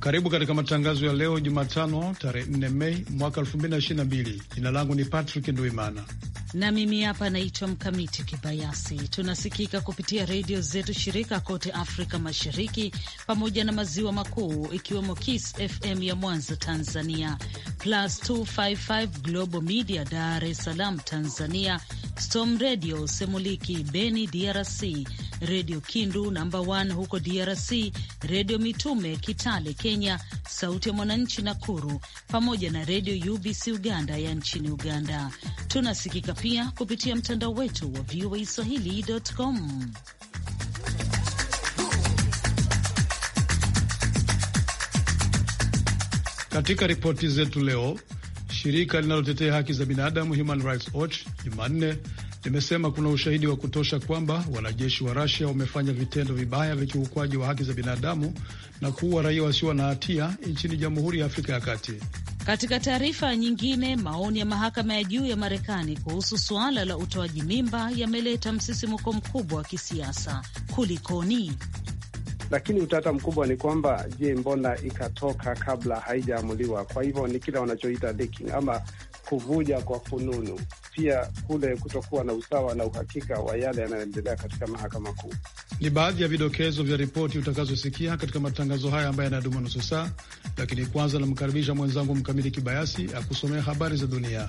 Karibu katika matangazo ya leo Jumatano, tarehe 4 Mei mwaka 2022. Jina langu ni Patrick Nduimana na mimi hapa naitwa Mkamiti Kibayasi. Tunasikika kupitia redio zetu shirika kote Afrika Mashariki pamoja na Maziwa Makuu, ikiwemo Kiss FM ya Mwanza Tanzania, Plus 255 Global Media Dar es Salaam Tanzania, Storm Radio Semuliki Beni DRC, Redio Kindu namba 1 huko DRC, Redio Mitume Kitale Kenya, Sauti ya Mwananchi Nakuru, pamoja na redio UBC Uganda ya nchini Uganda. Tunasikika pia kupitia mtandao wetu wa VOA Swahili.com. Katika ripoti zetu leo, shirika linalotetea haki za binadamu Human Rights Watch Jumanne imesema kuna ushahidi wa kutosha kwamba wanajeshi wa Rasia wamefanya vitendo vibaya vya kiukwaji wa haki za binadamu na kuua raia wasio na hatia nchini Jamhuri ya Afrika ya Kati. Katika taarifa nyingine, maoni ya mahakama ya juu ya Marekani kuhusu suala la utoaji mimba yameleta msisimuko mkubwa wa kisiasa. Kulikoni? Lakini utata mkubwa ni kwamba je, mbona ikatoka kabla haijaamuliwa? Kwa hivyo ni kile wanachoita leaking ama kuvuja kwa fununu pia kule kutokuwa na usawa na uhakika wa yale yanayoendelea katika mahakama kuu. Ni baadhi ya vidokezo vya ripoti utakazosikia katika matangazo haya ambayo yanadumu nusu saa, lakini kwanza namkaribisha mwenzangu Mkamili Kibayasi akusomea habari za dunia.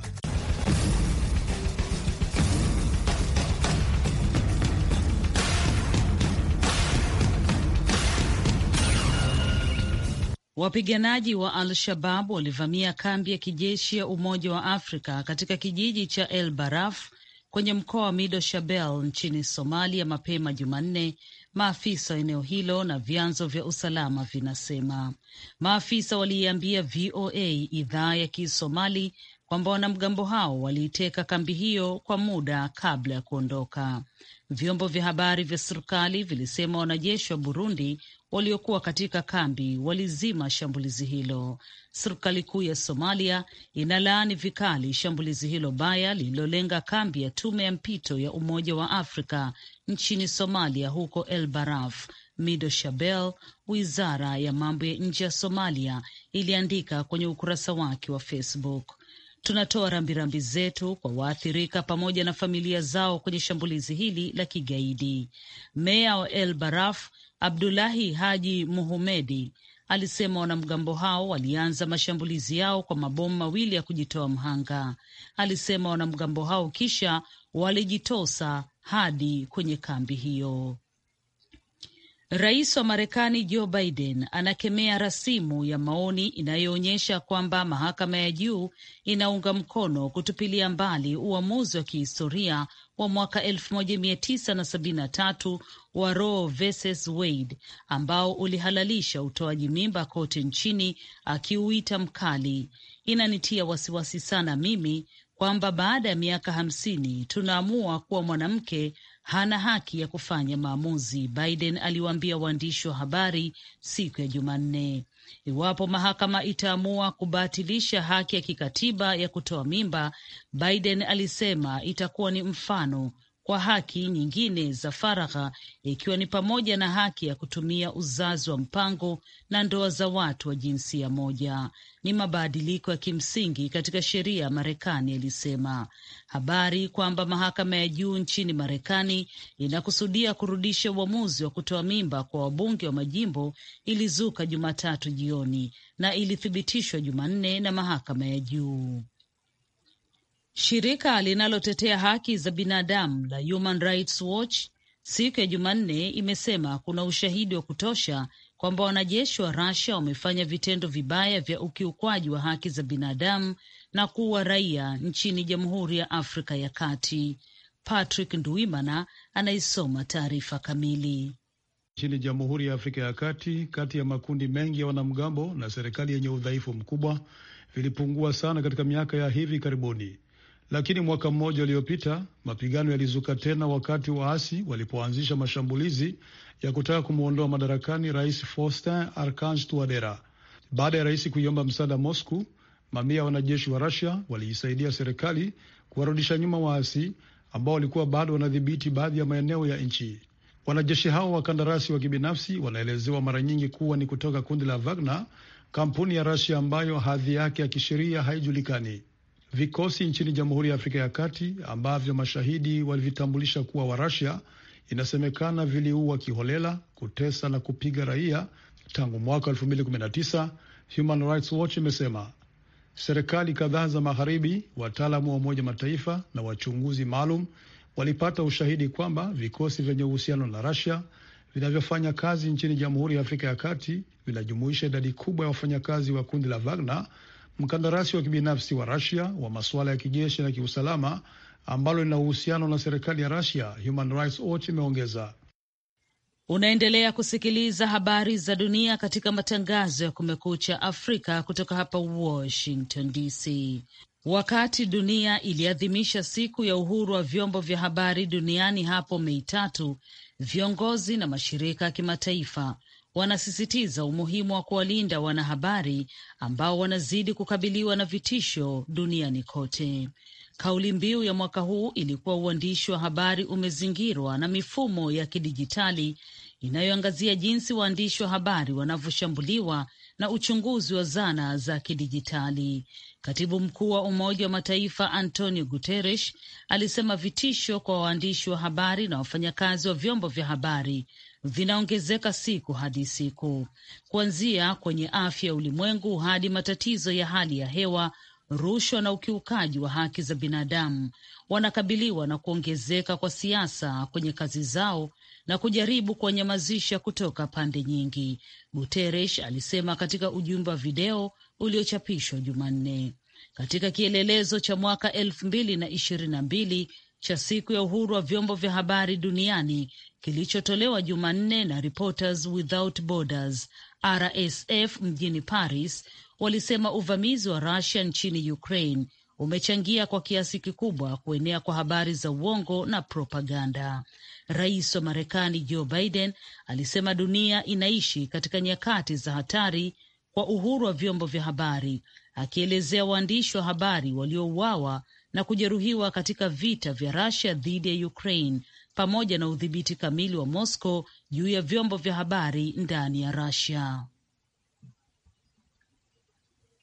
Wapiganaji wa Al-Shabab walivamia kambi ya kijeshi ya Umoja wa Afrika katika kijiji cha El Baraf kwenye mkoa wa Mido Shabel nchini Somalia mapema Jumanne, maafisa wa eneo hilo na vyanzo vya usalama vinasema. Maafisa waliiambia VOA idhaa ya Kisomali kwamba wanamgambo hao waliiteka kambi hiyo kwa muda kabla ya kuondoka. Vyombo vya habari vya serikali vilisema wanajeshi wa Burundi waliokuwa katika kambi walizima shambulizi hilo. Serikali kuu ya Somalia inalaani vikali shambulizi hilo baya lililolenga kambi ya tume ya mpito ya Umoja wa Afrika nchini Somalia, huko El Baraf. Mido Shabel, wizara ya mambo ya nje ya Somalia, iliandika kwenye ukurasa wake wa Facebook. Tunatoa rambirambi zetu kwa waathirika pamoja na familia zao kwenye shambulizi hili la kigaidi. Meya wa El Baraf Abdulahi Haji Muhumedi alisema wanamgambo hao walianza mashambulizi yao kwa mabomu mawili ya kujitoa mhanga. Alisema wanamgambo hao kisha walijitosa hadi kwenye kambi hiyo. Rais wa Marekani Joe Biden anakemea rasimu ya maoni inayoonyesha kwamba mahakama ya juu inaunga mkono kutupilia mbali uamuzi wa kihistoria wa mwaka 1973 wa Roe versus Wade ambao ulihalalisha utoaji mimba kote nchini, akiuita mkali. Inanitia wasiwasi sana mimi kwamba baada ya miaka hamsini tunaamua kuwa mwanamke hana haki ya kufanya maamuzi, Biden aliwaambia waandishi wa habari siku ya Jumanne. Iwapo mahakama itaamua kubatilisha haki ya kikatiba ya kutoa mimba, Biden alisema itakuwa ni mfano kwa haki nyingine za faragha, ikiwa ni pamoja na haki ya kutumia uzazi wa mpango na ndoa za watu wa jinsia moja. Ni mabadiliko ya kimsingi katika sheria ya Marekani, alisema. Habari kwamba mahakama ya juu nchini Marekani inakusudia kurudisha uamuzi wa kutoa mimba kwa wabunge wa majimbo ilizuka Jumatatu jioni na ilithibitishwa Jumanne na mahakama ya juu. Shirika linalotetea haki za binadamu la Human Rights Watch siku ya Jumanne imesema kuna ushahidi wa kutosha kwamba wanajeshi wa Russia wamefanya vitendo vibaya vya ukiukwaji wa haki za binadamu na kuua raia nchini Jamhuri ya Afrika ya Kati. Patrick Nduimana anaisoma taarifa kamili. Nchini Jamhuri ya Afrika ya Kati, kati ya makundi mengi ya wanamgambo na serikali yenye udhaifu mkubwa vilipungua sana katika miaka ya hivi karibuni lakini mwaka mmoja uliopita mapigano yalizuka tena wakati waasi walipoanzisha mashambulizi ya kutaka kumwondoa madarakani Rais Faustin Archange Touadera. Baada ya rais kuiomba msaada Moscow, mamia ya wanajeshi wa Russia waliisaidia serikali kuwarudisha nyuma waasi ambao walikuwa bado wanadhibiti baadhi ya maeneo ya nchi. Wanajeshi hao wakandarasi wa kibinafsi wanaelezewa mara nyingi kuwa ni kutoka kundi la Wagner, kampuni ya Russia ambayo hadhi yake ya kisheria haijulikani. Vikosi nchini Jamhuri ya Afrika ya Kati ambavyo mashahidi walivitambulisha kuwa wa Rasia inasemekana viliua kiholela, kutesa na kupiga raia tangu mwaka 2019. Human Rights Watch imesema serikali kadhaa za magharibi, wataalamu wa Umoja Mataifa na wachunguzi maalum walipata ushahidi kwamba vikosi vyenye uhusiano na Rasia vinavyofanya kazi nchini Jamhuri ya Afrika ya Kati vinajumuisha idadi kubwa ya wafanyakazi wa kundi la Wagner mkandarasi wa kibinafsi wa Russia wa masuala ya kijeshi na kiusalama ambalo lina uhusiano na serikali ya Russia, Human Rights Watch imeongeza. Unaendelea kusikiliza habari za dunia katika matangazo ya Kumekucha Afrika kutoka hapa Washington DC. Wakati dunia iliadhimisha siku ya uhuru wa vyombo vya habari duniani hapo Mei tatu, viongozi na mashirika ya kimataifa wanasisitiza umuhimu wa kuwalinda wanahabari ambao wanazidi kukabiliwa na vitisho duniani kote. Kauli mbiu ya mwaka huu ilikuwa uandishi wa habari umezingirwa na mifumo ya kidijitali inayoangazia jinsi waandishi wa habari wanavyoshambuliwa na uchunguzi wa zana za kidijitali. Katibu mkuu wa Umoja wa Mataifa Antonio Guterres alisema vitisho kwa waandishi wa habari na wafanyakazi wa vyombo vya habari vinaongezeka siku hadi siku, kuanzia kwenye afya ya ulimwengu hadi matatizo ya hali ya hewa, rushwa na ukiukaji wa haki za binadamu. Wanakabiliwa na kuongezeka kwa siasa kwenye kazi zao na kujaribu kuwanyamazisha kutoka pande nyingi, Guterres alisema katika ujumbe wa video uliochapishwa Jumanne katika kielelezo cha mwaka elfu mbili na ishirini na mbili cha siku ya uhuru wa vyombo vya habari duniani kilichotolewa Jumanne na Reporters Without Borders RSF mjini Paris walisema uvamizi wa Rusia nchini Ukraine umechangia kwa kiasi kikubwa kuenea kwa habari za uongo na propaganda. Rais wa Marekani Joe Biden alisema dunia inaishi katika nyakati za hatari kwa uhuru wa vyombo vya habari, akielezea waandishi wa habari waliouawa na kujeruhiwa katika vita vya rasia dhidi ya Ukraine pamoja na udhibiti kamili wa Moscow juu ya vyombo vya habari ndani ya Russia.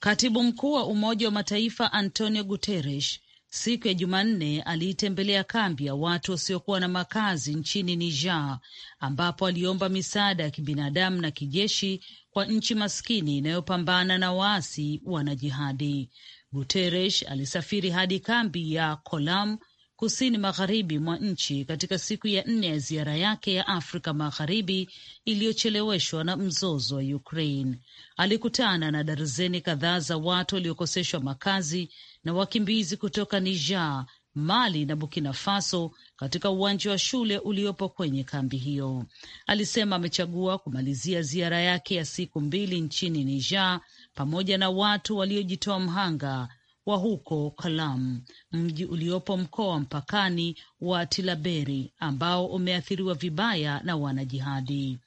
Katibu mkuu wa Umoja wa Mataifa Antonio Guterres siku ya Jumanne aliitembelea kambi ya watu wasiokuwa na makazi nchini Niger, ambapo aliomba misaada ya kibinadamu na kijeshi kwa nchi maskini inayopambana na waasi wanajihadi. Guterres alisafiri hadi kambi ya Kolam kusini magharibi mwa nchi katika siku ya nne ya ziara yake ya Afrika Magharibi iliyocheleweshwa na mzozo wa Ukraine. Alikutana na darzeni kadhaa za watu waliokoseshwa makazi na wakimbizi kutoka Niger, Mali na Burkina Faso katika uwanja wa shule uliopo kwenye kambi hiyo. Alisema amechagua kumalizia ziara yake ya siku mbili nchini Niger pamoja na watu waliojitoa mhanga wa huko Kalam, mji uliopo mkoa wa mpakani wa Tilaberi ambao umeathiriwa vibaya na wanajihadi.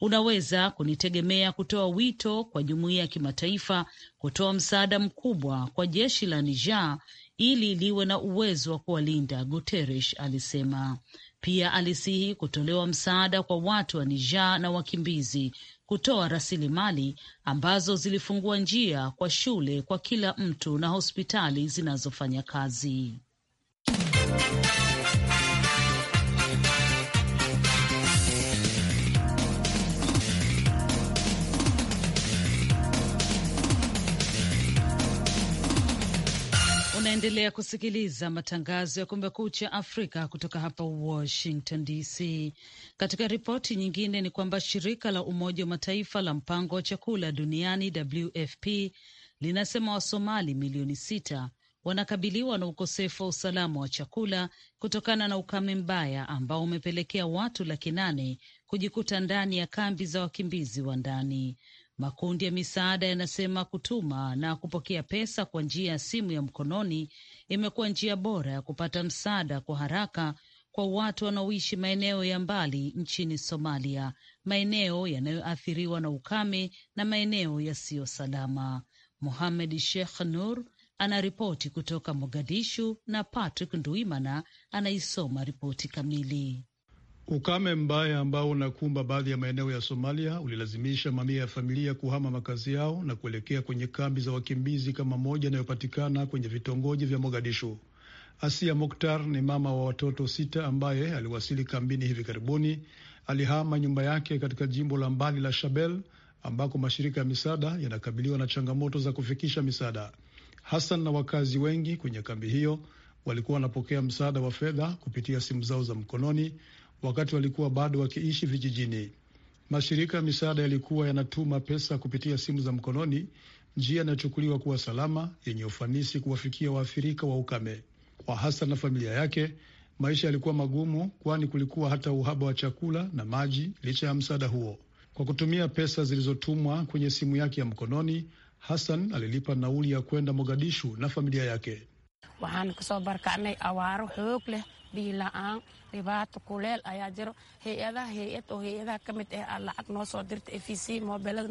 Unaweza kunitegemea kutoa wito kwa jumuiya ya kimataifa kutoa msaada mkubwa kwa jeshi la Niger ili liwe na uwezo wa kuwalinda, Guterres alisema. Pia alisihi kutolewa msaada kwa watu wa Niger na wakimbizi kutoa rasilimali ambazo zilifungua njia kwa shule kwa kila mtu na hospitali zinazofanya kazi Unaendelea kusikiliza matangazo ya Kumekucha Afrika kutoka hapa Washington DC. Katika ripoti nyingine ni kwamba shirika la Umoja wa Mataifa la mpango wa chakula duniani WFP linasema Wasomali milioni sita wanakabiliwa na ukosefu wa usalama wa chakula kutokana na ukame mbaya ambao umepelekea watu laki nane kujikuta ndani ya kambi za wakimbizi wa ndani. Makundi ya misaada yanasema kutuma na kupokea pesa kwa njia ya simu ya mkononi imekuwa njia bora ya kupata msaada kwa haraka kwa watu wanaoishi maeneo ya mbali nchini Somalia, maeneo yanayoathiriwa na ukame na maeneo yasiyo salama. Muhamed Sheikh Nur anaripoti kutoka Mogadishu na Patrick Nduimana anaisoma ripoti kamili. Ukame mbaya ambao unakumba baadhi ya maeneo ya Somalia ulilazimisha mamia ya familia kuhama makazi yao na kuelekea kwenye kambi za wakimbizi kama moja inayopatikana kwenye vitongoji vya Mogadishu. Asia Mokhtar ni mama wa watoto sita ambaye aliwasili kambini hivi karibuni. Alihama nyumba yake katika jimbo la mbali la shabel ambako mashirika ya misaada yanakabiliwa na changamoto za kufikisha misaada. Hassan na wakazi wengi kwenye kambi hiyo walikuwa wanapokea msaada wa fedha kupitia simu zao za mkononi wakati walikuwa bado wakiishi vijijini. Mashirika ya misaada yalikuwa yanatuma pesa kupitia simu za mkononi, njia inayochukuliwa kuwa salama, yenye ufanisi kuwafikia waathirika wa ukame. Kwa Hasan na familia yake, maisha yalikuwa magumu, kwani kulikuwa hata uhaba wa chakula na maji, licha ya msaada huo. Kwa kutumia pesa zilizotumwa kwenye simu yake ya mkononi, Hasan alilipa nauli ya kwenda Mogadishu na familia yake. Waxaan kusoo awaaro xoog leh biila-aan dhibaato kuleel ayaa jiro hay-adaha hay-ad oo hay-adaha ka mid ah aad lacag noo soo dirta e v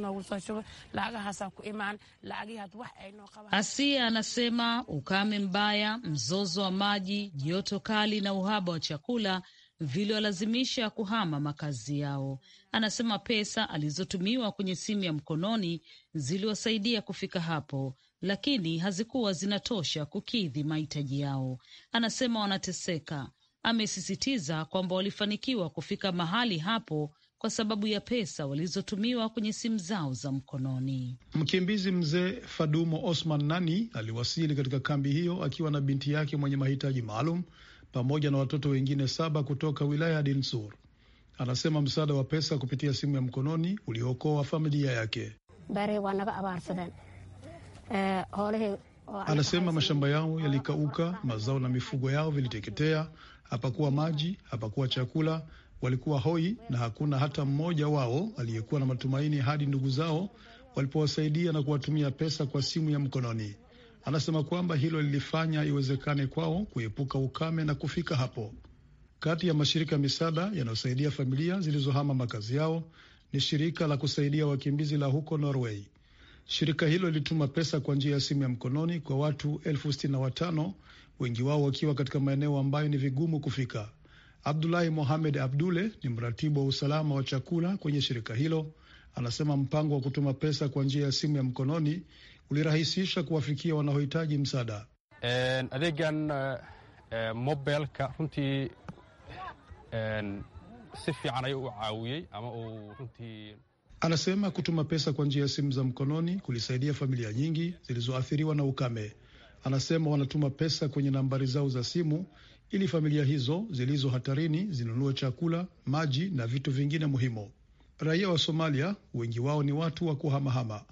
noogu soo shuba lacagahaasaa ku imaan lacagihaad wax ay noo Asia anasema ukame mbaya, mzozo wa maji, joto kali na uhaba wa chakula viliwalazimisha kuhama makazi yao. Anasema pesa alizotumiwa kwenye simu ya mkononi ziliwasaidia kufika hapo lakini hazikuwa zinatosha kukidhi mahitaji yao. Anasema wanateseka. Amesisitiza kwamba walifanikiwa kufika mahali hapo kwa sababu ya pesa walizotumiwa kwenye simu zao za mkononi. Mkimbizi mzee Fadumo Osman Nani aliwasili katika kambi hiyo akiwa na binti yake mwenye mahitaji maalum pamoja na watoto wengine saba kutoka wilaya ya Dinsur. Anasema msaada wa pesa kupitia simu ya mkononi uliokoa familia yake. Bare Eh, Anasema mashamba yao yalikauka, mazao na mifugo yao viliteketea, hapakuwa maji, hapakuwa chakula, walikuwa hoi na hakuna hata mmoja wao aliyekuwa na matumaini hadi ndugu zao walipowasaidia na kuwatumia pesa kwa simu ya mkononi. Anasema kwamba hilo lilifanya iwezekane kwao kuepuka ukame na kufika hapo. Kati ya mashirika ya misaada yanayosaidia familia zilizohama makazi yao ni shirika la kusaidia wakimbizi la huko Norway. Shirika hilo lilituma pesa kwa njia ya simu ya mkononi kwa watu elfu sitini na watano, wengi wao wakiwa katika maeneo ambayo ni vigumu kufika. Abdulahi Mohamed Abdule ni mratibu wa usalama wa chakula kwenye shirika hilo. Anasema mpango wa kutuma pesa kwa njia ya simu ya mkononi ulirahisisha kuwafikia wanaohitaji msaada. Adegan uh, uh mobilka runtii uh, si fiican ayuu u ama runti uh, Anasema kutuma pesa kwa njia ya simu za mkononi kulisaidia familia nyingi zilizoathiriwa na ukame. Anasema wanatuma pesa kwenye nambari zao za simu ili familia hizo zilizo hatarini zinunue chakula, maji na vitu vingine muhimu. Raia wa Somalia wengi wao ni watu wa kuhamahama.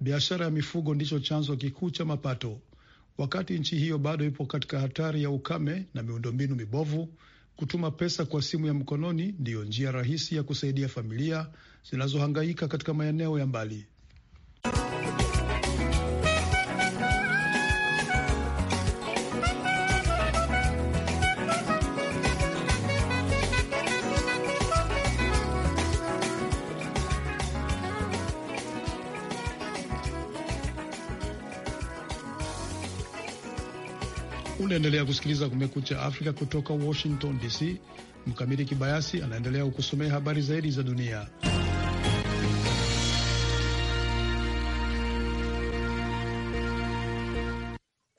Biashara ya mifugo ndicho chanzo kikuu cha mapato. Wakati nchi hiyo bado ipo katika hatari ya ukame na miundombinu mibovu, kutuma pesa kwa simu ya mkononi ndiyo njia rahisi ya kusaidia familia zinazohangaika katika maeneo ya mbali. Unaendelea kusikiliza Kumekucha Afrika kutoka Washington DC. Mkamiti Kibayasi anaendelea kukusomea habari zaidi za dunia.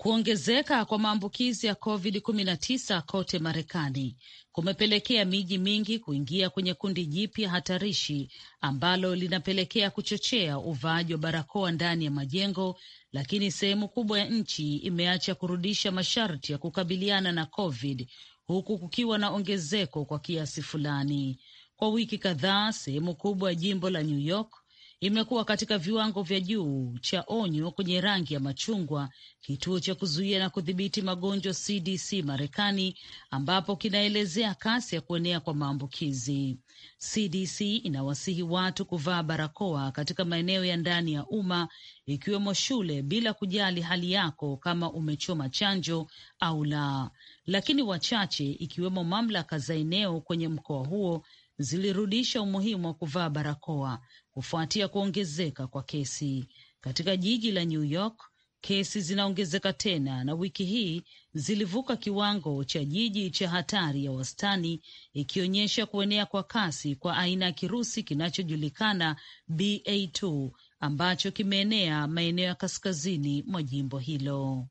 Kuongezeka kwa maambukizi ya COVID-19 kote Marekani kumepelekea miji mingi kuingia kwenye kundi jipya hatarishi ambalo linapelekea kuchochea uvaaji wa barakoa ndani ya majengo, lakini sehemu kubwa ya nchi imeacha kurudisha masharti ya kukabiliana na COVID huku kukiwa na ongezeko kwa kiasi fulani. Kwa wiki kadhaa, sehemu kubwa ya jimbo la New York imekuwa katika viwango vya juu cha onyo kwenye rangi ya machungwa, kituo cha kuzuia na kudhibiti magonjwa CDC Marekani, ambapo kinaelezea kasi ya kuenea kwa maambukizi. CDC inawasihi watu kuvaa barakoa katika maeneo ya ndani ya umma, ikiwemo shule, bila kujali hali yako kama umechoma chanjo au la, lakini wachache, ikiwemo mamlaka za eneo kwenye mkoa huo zilirudisha umuhimu wa kuvaa barakoa kufuatia kuongezeka kwa kesi katika jiji la New York. Kesi zinaongezeka tena na wiki hii zilivuka kiwango cha jiji cha hatari ya wastani, ikionyesha kuenea kwa kasi kwa aina ya kirusi kinachojulikana BA2 ambacho kimeenea maeneo ya kaskazini mwa jimbo hilo.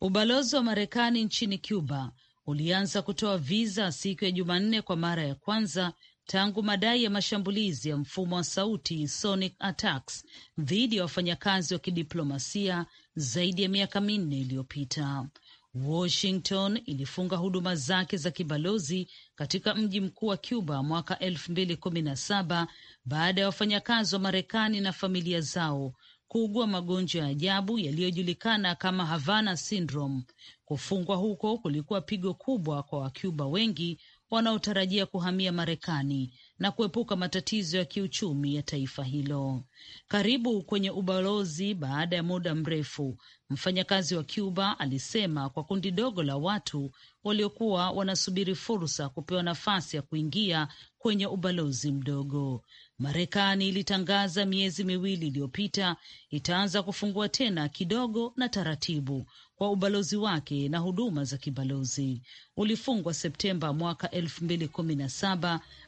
Ubalozi wa Marekani nchini Cuba ulianza kutoa viza siku ya Jumanne kwa mara ya kwanza tangu madai ya mashambulizi ya mfumo wa sauti sonic attacks dhidi ya wafanyakazi wa kidiplomasia zaidi ya miaka minne iliyopita. Washington ilifunga huduma zake za kibalozi katika mji mkuu wa Cuba mwaka elfu mbili kumi na saba baada ya wafanyakazi wa Marekani na familia zao kuugua magonjwa ya ajabu yaliyojulikana kama Havana syndrome. Kufungwa huko kulikuwa pigo kubwa kwa Wacuba wengi wanaotarajia kuhamia Marekani na kuepuka matatizo ya kiuchumi ya taifa hilo. Karibu kwenye ubalozi baada ya muda mrefu, mfanyakazi wa Cuba alisema kwa kundi dogo la watu waliokuwa wanasubiri fursa kupewa nafasi ya kuingia kwenye ubalozi mdogo. Marekani ilitangaza miezi miwili iliyopita itaanza kufungua tena kidogo na taratibu kwa ubalozi wake na huduma za kibalozi. Ulifungwa Septemba mwaka elfu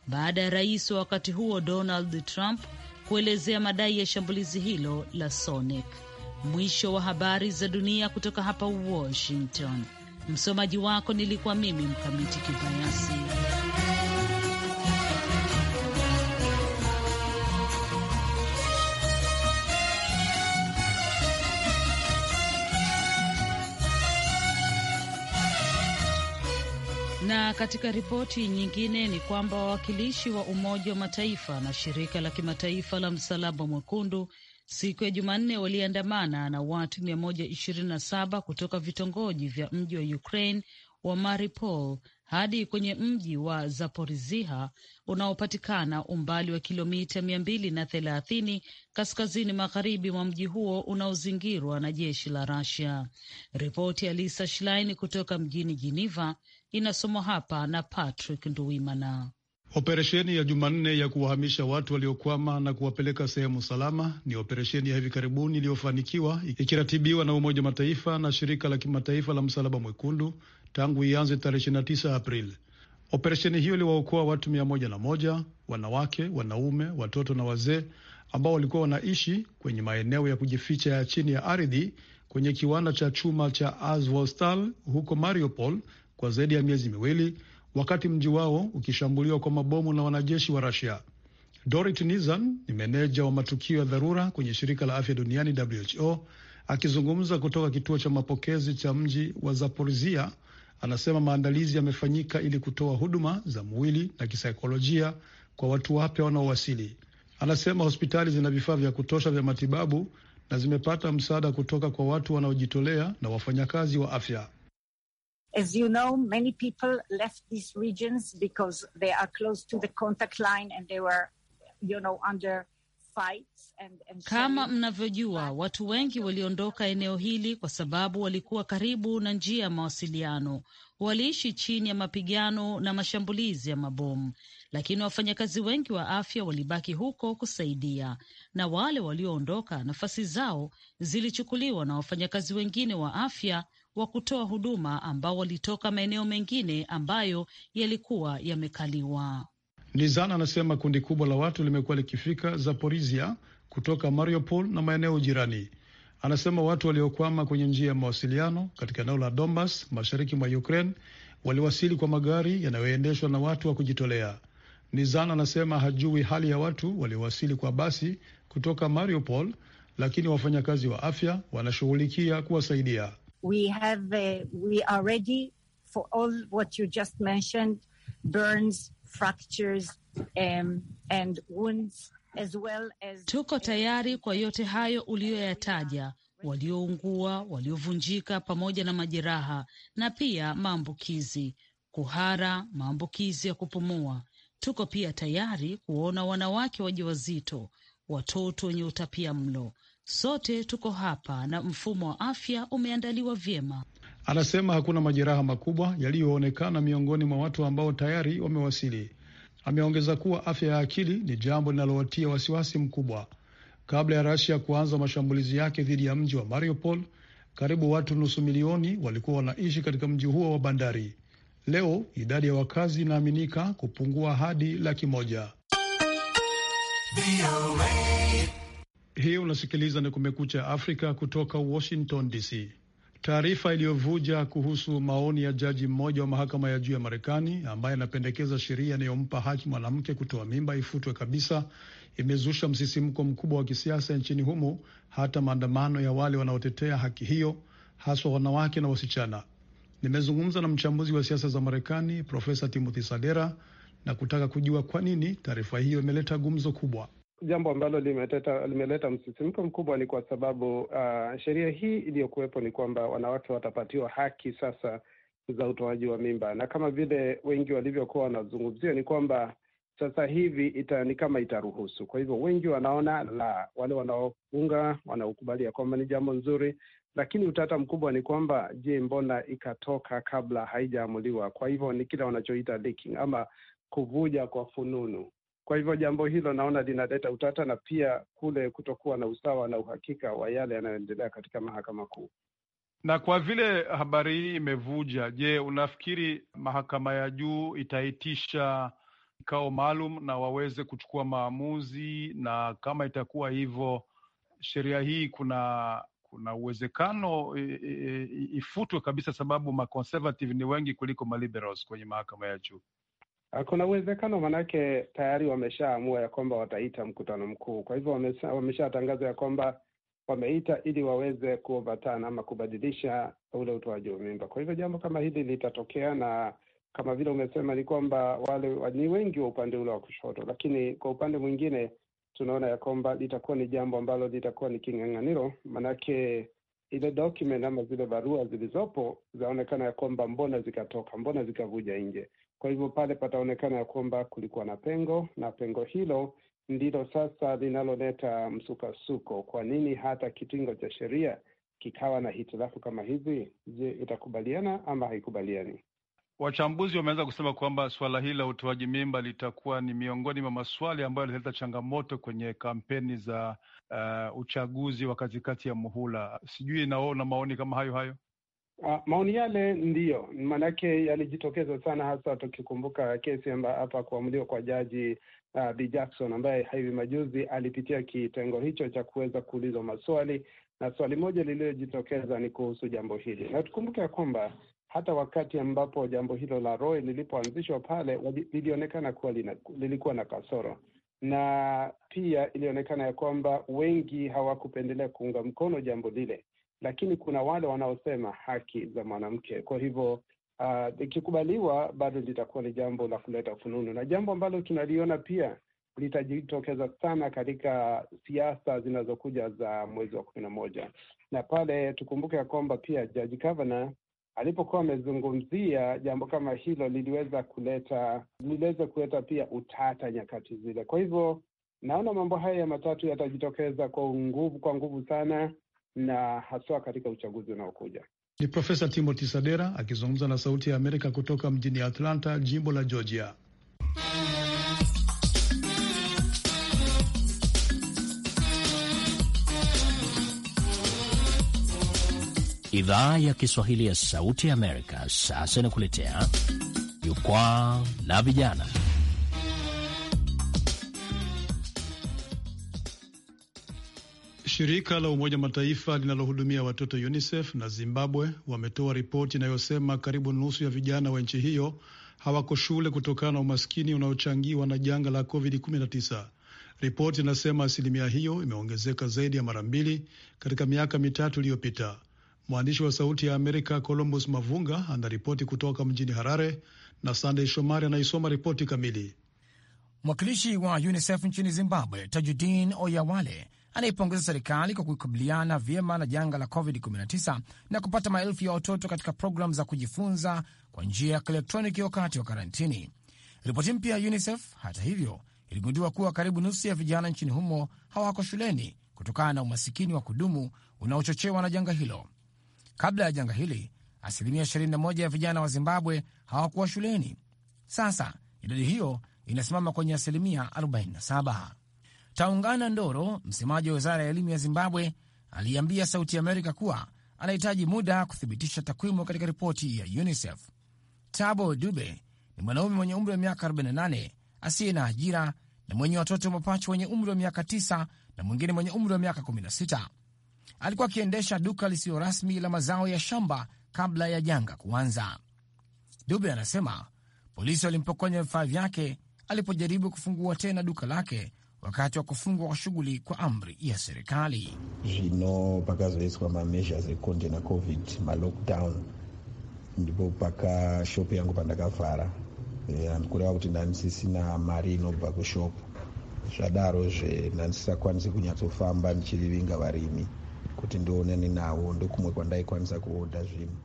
baada ya rais wa wakati huo Donald Trump kuelezea madai ya shambulizi hilo la Sonic. Mwisho wa habari za dunia kutoka hapa Washington. Msomaji wako nilikuwa mimi Mkamiti Kibayasi. katika ripoti nyingine ni kwamba wawakilishi wa Umoja wa Mataifa na shirika la kimataifa la Msalaba Mwekundu siku ya Jumanne waliandamana na watu 127 kutoka vitongoji vya mji wa Ukraine wa Mariupol hadi kwenye mji wa Zaporizhia unaopatikana umbali wa kilomita 230 na thelathini kaskazini magharibi mwa mji huo unaozingirwa na jeshi la Russia. Ripoti ya Lisa Schlein kutoka mjini Geneva inasomwa hapa na Patrick Nduwimana. Operesheni ya Jumanne ya kuwahamisha watu waliokwama na kuwapeleka sehemu salama ni operesheni ya hivi karibuni iliyofanikiwa ikiratibiwa na Umoja wa Mataifa na shirika la kimataifa la Msalaba Mwekundu tangu ianze tarehe 29 Aprili. Operesheni hiyo iliwaokoa watu mia wanawake, wanaume, watoto na wazee ambao walikuwa wanaishi kwenye maeneo ya kujificha ya chini ya ardhi kwenye kiwanda cha chuma cha Azovstal huko Mariupol kwa zaidi ya miezi miwili wakati mji wao ukishambuliwa kwa mabomu na wanajeshi wa Rusia. Dorit Nizan ni meneja wa matukio ya dharura kwenye shirika la afya duniani WHO, akizungumza kutoka kituo cha mapokezi cha mji wa Zaporizia anasema maandalizi yamefanyika ili kutoa huduma za mwili na kisaikolojia kwa watu wapya wanaowasili. Anasema hospitali zina vifaa vya kutosha vya matibabu na zimepata msaada kutoka kwa watu wanaojitolea na wafanyakazi wa afya. As you know, many people left these regions because they are close to the contact line and they were, you know, under kama mnavyojua, watu wengi waliondoka eneo hili kwa sababu walikuwa karibu na njia ya mawasiliano, waliishi chini ya mapigano na mashambulizi ya mabomu, lakini wafanyakazi wengi wa afya walibaki huko kusaidia, na wale walioondoka, nafasi zao zilichukuliwa na wafanyakazi wengine wa afya wa kutoa huduma ambao walitoka maeneo mengine ambayo yalikuwa yamekaliwa. Nizan anasema kundi kubwa la watu limekuwa likifika Zaporizhia kutoka Mariupol na maeneo jirani. Anasema watu waliokwama kwenye njia ya mawasiliano katika eneo la Donbas mashariki mwa Ukraine waliwasili kwa magari yanayoendeshwa na watu wa kujitolea. Nizan anasema hajui hali ya watu waliowasili kwa basi kutoka Mariupol, lakini wafanyakazi wa afya wanashughulikia kuwasaidia. We have uh, we are ready for all what you just mentioned: burns, fractures, um, and wounds as well as. Tuko uh, tayari kwa yote hayo uliyoyataja, walioungua, waliovunjika, pamoja na majeraha na pia maambukizi, kuhara, maambukizi ya kupumua. Tuko pia tayari kuona wanawake wajawazito, watoto wenye utapia mlo sote tuko hapa na mfumo wa afya umeandaliwa vyema. Anasema hakuna majeraha makubwa yaliyoonekana miongoni mwa watu ambao tayari wamewasili. Ameongeza kuwa afya ya akili ni jambo linalowatia wasiwasi mkubwa. Kabla ya Rasia kuanza mashambulizi yake dhidi ya mji wa Mariupol, karibu watu nusu milioni walikuwa wanaishi katika mji huo wa bandari. Leo idadi ya wakazi inaaminika kupungua hadi laki moja hii unasikiliza ni Kumekucha Afrika kutoka Washington DC. Taarifa iliyovuja kuhusu maoni ya jaji mmoja wa mahakama ya juu ya Marekani ambaye anapendekeza sheria inayompa haki mwanamke kutoa mimba ifutwe kabisa imezusha msisimko mkubwa wa kisiasa nchini humo, hata maandamano ya wale wanaotetea haki hiyo, haswa wanawake na wasichana. Nimezungumza na mchambuzi wa siasa za Marekani Profesa Timothy Sadera na kutaka kujua kwa nini taarifa hiyo imeleta gumzo kubwa jambo ambalo limeleta msisimko mkubwa ni kwa sababu uh, sheria hii iliyokuwepo ni kwamba wanawake watapatiwa haki sasa za utoaji wa mimba, na kama vile wengi walivyokuwa wanazungumzia ni kwamba sasa hivi ita, ni kama itaruhusu. Kwa hivyo wengi wanaona la, wale wanaounga wanaokubali ya kwamba ni jambo nzuri, lakini utata mkubwa ni kwamba je, mbona ikatoka kabla haijaamuliwa? Kwa hivyo ni kile wanachoita leaking ama kuvuja kwa fununu kwa hivyo jambo hilo naona linaleta utata na pia kule kutokuwa na usawa na uhakika wa yale yanayoendelea katika mahakama kuu. Na kwa vile habari hii imevuja, je, unafikiri mahakama ya juu itaitisha kikao maalum na waweze kuchukua maamuzi? Na kama itakuwa hivyo, sheria hii kuna kuna uwezekano ifutwe kabisa, sababu maconservative ni wengi kuliko maliberals kwenye mahakama ya juu. Ah, kuna uwezekano manake tayari wameshaamua ya kwamba wataita mkutano mkuu, kwa hivyo wameshatangaza tangaza ya kwamba wameita ili waweze kuovatana ama kubadilisha ule utoaji wa mimba. Kwa hivyo jambo kama hili litatokea, na kama vile umesema ni kwamba wale ni wengi wa upande ule wa kushoto, lakini kwa upande mwingine tunaona ya kwamba litakuwa ni jambo ambalo litakuwa ni king'ang'aniro, manake ile document ama zile barua zilizopo zaonekana ya kwamba mbona zikatoka, mbona zikavuja nje. Kwa hivyo pale pataonekana ya kwamba kulikuwa na pengo, na pengo hilo ndilo sasa linaloleta msukasuko. Kwa nini hata kitingo cha sheria kikawa na hitilafu kama hizi? Je, itakubaliana ama haikubaliani? Wachambuzi wameanza kusema kwamba suala hili la utoaji mimba litakuwa ni miongoni mwa maswali ambayo yanaleta changamoto kwenye kampeni za uh, uchaguzi wa katikati ya muhula. Sijui na maoni kama hayo hayo. Ah, maoni yale ndiyo maanake yalijitokeza sana, hasa tukikumbuka kesi hapa kuamuliwa kwa jaji uh, B Jackson ambaye hivi majuzi alipitia kitengo hicho cha kuweza kuulizwa maswali, na swali moja lililojitokeza ni kuhusu jambo hili, na tukumbuke ya kwamba hata wakati ambapo jambo hilo la Roy lilipoanzishwa pale lilionekana kuwa lina, lilikuwa na kasoro na pia ilionekana ya kwamba wengi hawakupendelea kuunga mkono jambo lile lakini kuna wale wanaosema haki za mwanamke. Kwa hivyo ah, ikikubaliwa, bado litakuwa ni jambo la kuleta fununu na jambo ambalo tunaliona pia litajitokeza sana katika siasa zinazokuja za mwezi wa kumi na moja. Na pale tukumbuke ya kwamba pia Jaji Kavanaugh alipokuwa amezungumzia jambo kama hilo, liliweza kuleta liliweza kuleta pia utata nyakati zile. Kwa hivyo naona mambo haya matatu yatajitokeza kwa nguvu, kwa nguvu sana na haswa katika uchaguzi unaokuja. Ni Profesa Timothy Sadera akizungumza na Sauti ya Amerika kutoka mjini Atlanta, jimbo la Georgia. Idhaa ya Kiswahili ya Sauti ya Amerika sasa inakuletea Jukwaa la Vijana. Shirika la Umoja Mataifa linalohudumia watoto UNICEF na Zimbabwe wametoa ripoti inayosema karibu nusu ya vijana wa nchi hiyo hawako shule kutokana na umaskini unaochangiwa na janga la COVID-19. Ripoti inasema asilimia hiyo imeongezeka zaidi ya mara mbili katika miaka mitatu iliyopita. Mwandishi wa Sauti ya Amerika Columbus Mavunga anaripoti kutoka mjini Harare na Sandey Shomari anaisoma ripoti kamili. Mwakilishi wa UNICEF nchini Zimbabwe Tajudin Oyawale anaipongeza serikali kwa kukabiliana vyema na janga la COVID-19 na kupata maelfu ya watoto katika programu za kujifunza kwa njia ya kielektroniki wakati wa karantini. Ripoti mpya ya UNICEF hata hivyo iligundua kuwa karibu nusu ya vijana nchini humo hawako shuleni kutokana na umasikini wa kudumu unaochochewa na janga hilo. Kabla ya janga hili, asilimia 21 ya vijana wa Zimbabwe hawakuwa shuleni. Sasa idadi hiyo inasimama kwenye asilimia 47. Taungana Ndoro, msemaji wa wizara ya elimu ya Zimbabwe, aliambia Sauti Amerika kuwa anahitaji muda kuthibitisha takwimu katika ripoti ya UNICEF. Tabo Dube ni mwanaume mwenye umri wa miaka 48 asiye na ajira na mwenye watoto mapacha wenye umri wa miaka 9 na mwingine mwenye umri wa miaka 16. Alikuwa akiendesha duka lisiyo rasmi la mazao ya shamba kabla ya janga kuanza. Dube anasema polisi walimpokonya vifaa vyake alipojaribu kufungua tena duka lake wakati wa kufungwa kwa shughuli kwa amri ya serikali. Mpaka na covid malockdown ndipo mpaka shopu yangu pandakavhara eh, andikureva kuti ndanisisina mari inobva kushopu zvadarozve ndandisisakwanisi kunyatsofamba ndichivivinga varimi kuti ndionane navo ndokumwe kwandaikwanisa kuoda zvinhu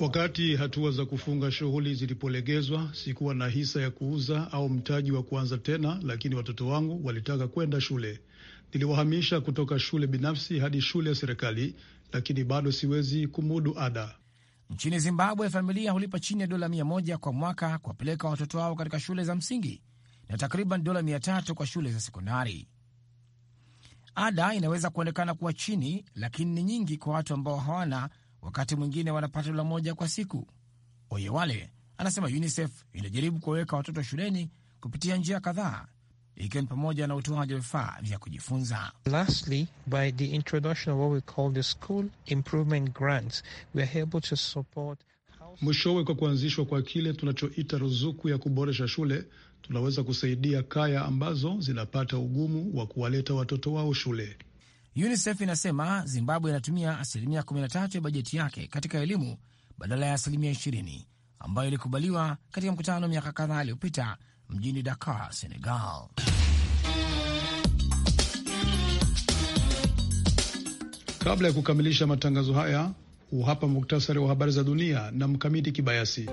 Wakati hatua za kufunga shughuli zilipolegezwa, sikuwa na hisa ya kuuza au mtaji wa kuanza tena, lakini watoto wangu walitaka kwenda shule. Niliwahamisha kutoka shule binafsi hadi shule ya serikali, lakini bado siwezi kumudu ada. Nchini Zimbabwe, familia hulipa chini ya dola mia moja kwa mwaka kuwapeleka watoto wao katika shule za msingi na takriban dola mia tatu kwa shule za sekondari. Ada inaweza kuonekana kuwa chini, lakini ni nyingi kwa watu ambao hawana wakati mwingine wanapata dola moja kwa siku. Oyewale anasema UNICEF inajaribu kuwaweka watoto shuleni kupitia njia kadhaa ikiwa ni pamoja na utoaji wa vifaa vya kujifunza. Lastly, by the introduction of what we call the school improvement grants, we are able to support. Mwishowe, kwa kuanzishwa kwa kile tunachoita ruzuku ya kuboresha shule, tunaweza kusaidia kaya ambazo zinapata ugumu wa kuwaleta watoto wao shule. UNICEF inasema Zimbabwe inatumia asilimia 13 ya bajeti yake katika elimu badala ya asilimia 20 ambayo ilikubaliwa katika mkutano miaka kadhaa iliyopita mjini Dakar, Senegal. Kabla ya kukamilisha matangazo haya, huu hapa muktasari wa habari za dunia na Mkamiti Kibayasi.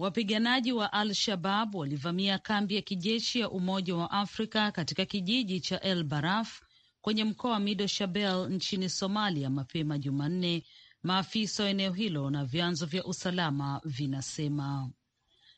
Wapiganaji wa Al-Shabab walivamia kambi ya kijeshi ya Umoja wa Afrika katika kijiji cha El Baraf kwenye mkoa wa Mido Shabel nchini Somalia mapema Jumanne, maafisa wa eneo hilo na vyanzo vya usalama vinasema.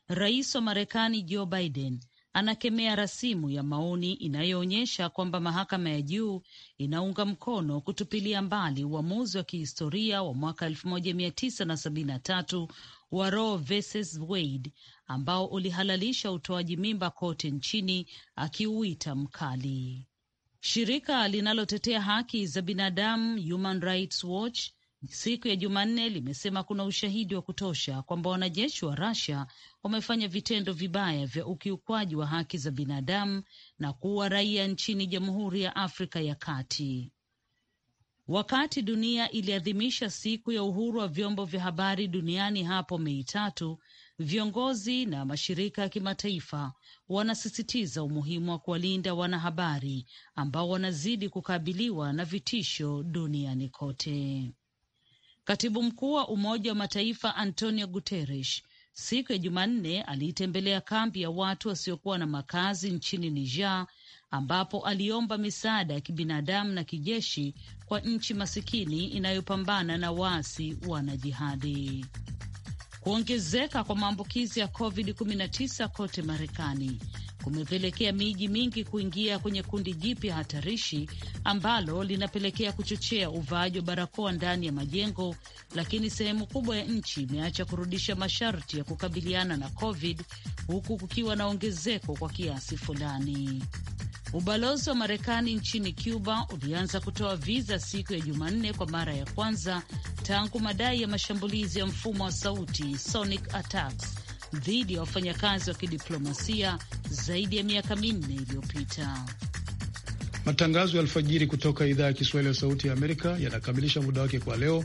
Rais wa Marekani Joe Biden anakemea rasimu ya maoni inayoonyesha kwamba mahakama ya juu inaunga mkono kutupilia mbali uamuzi wa kihistoria wa mwaka 1973 wa Roe versus Wade ambao ulihalalisha utoaji mimba kote nchini akiuita mkali. Shirika linalotetea haki za binadamu Human Rights Watch siku ya Jumanne limesema kuna ushahidi wa kutosha kwamba wanajeshi wa Russia wamefanya vitendo vibaya vya ukiukwaji wa haki za binadamu na kuua raia nchini Jamhuri ya Afrika ya Kati. Wakati dunia iliadhimisha siku ya uhuru wa vyombo vya habari duniani hapo Mei tatu, viongozi na mashirika ya kimataifa wanasisitiza umuhimu wa kuwalinda wanahabari ambao wanazidi kukabiliwa na vitisho duniani kote. Katibu mkuu wa Umoja wa Mataifa Antonio Guterres siku ya Jumanne aliitembelea kambi ya watu wasiokuwa na makazi nchini Niger ambapo aliomba misaada ya kibinadamu na kijeshi kwa nchi masikini inayopambana na waasi wanajihadi. Kuongezeka kwa maambukizi ya COVID-19 kote Marekani kumepelekea miji mingi kuingia kwenye kundi jipya hatarishi ambalo linapelekea kuchochea uvaaji wa barakoa ndani ya majengo, lakini sehemu kubwa ya nchi imeacha kurudisha masharti ya kukabiliana na COVID huku kukiwa na ongezeko kwa kiasi fulani. Ubalozi wa Marekani nchini Cuba ulianza kutoa viza siku ya Jumanne kwa mara ya kwanza tangu madai ya mashambulizi ya mfumo wa sauti sonic attacks dhidi ya wafanyakazi wa kidiplomasia zaidi ya miaka minne iliyopita. Matangazo ya alfajiri kutoka idhaa ya Kiswahili ya Sauti ya Amerika yanakamilisha muda wake kwa leo.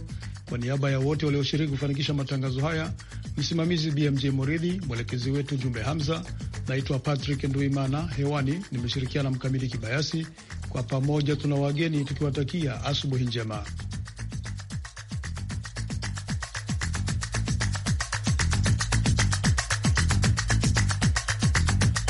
Kwa niaba ya wote walioshiriki kufanikisha matangazo haya, Msimamizi BMJ Moridhi, mwelekezi wetu Jumbe Hamza. Naitwa Patrick Nduimana, hewani nimeshirikiana Mkamili Kibayasi. Kwa pamoja tuna wageni tukiwatakia asubuhi njema.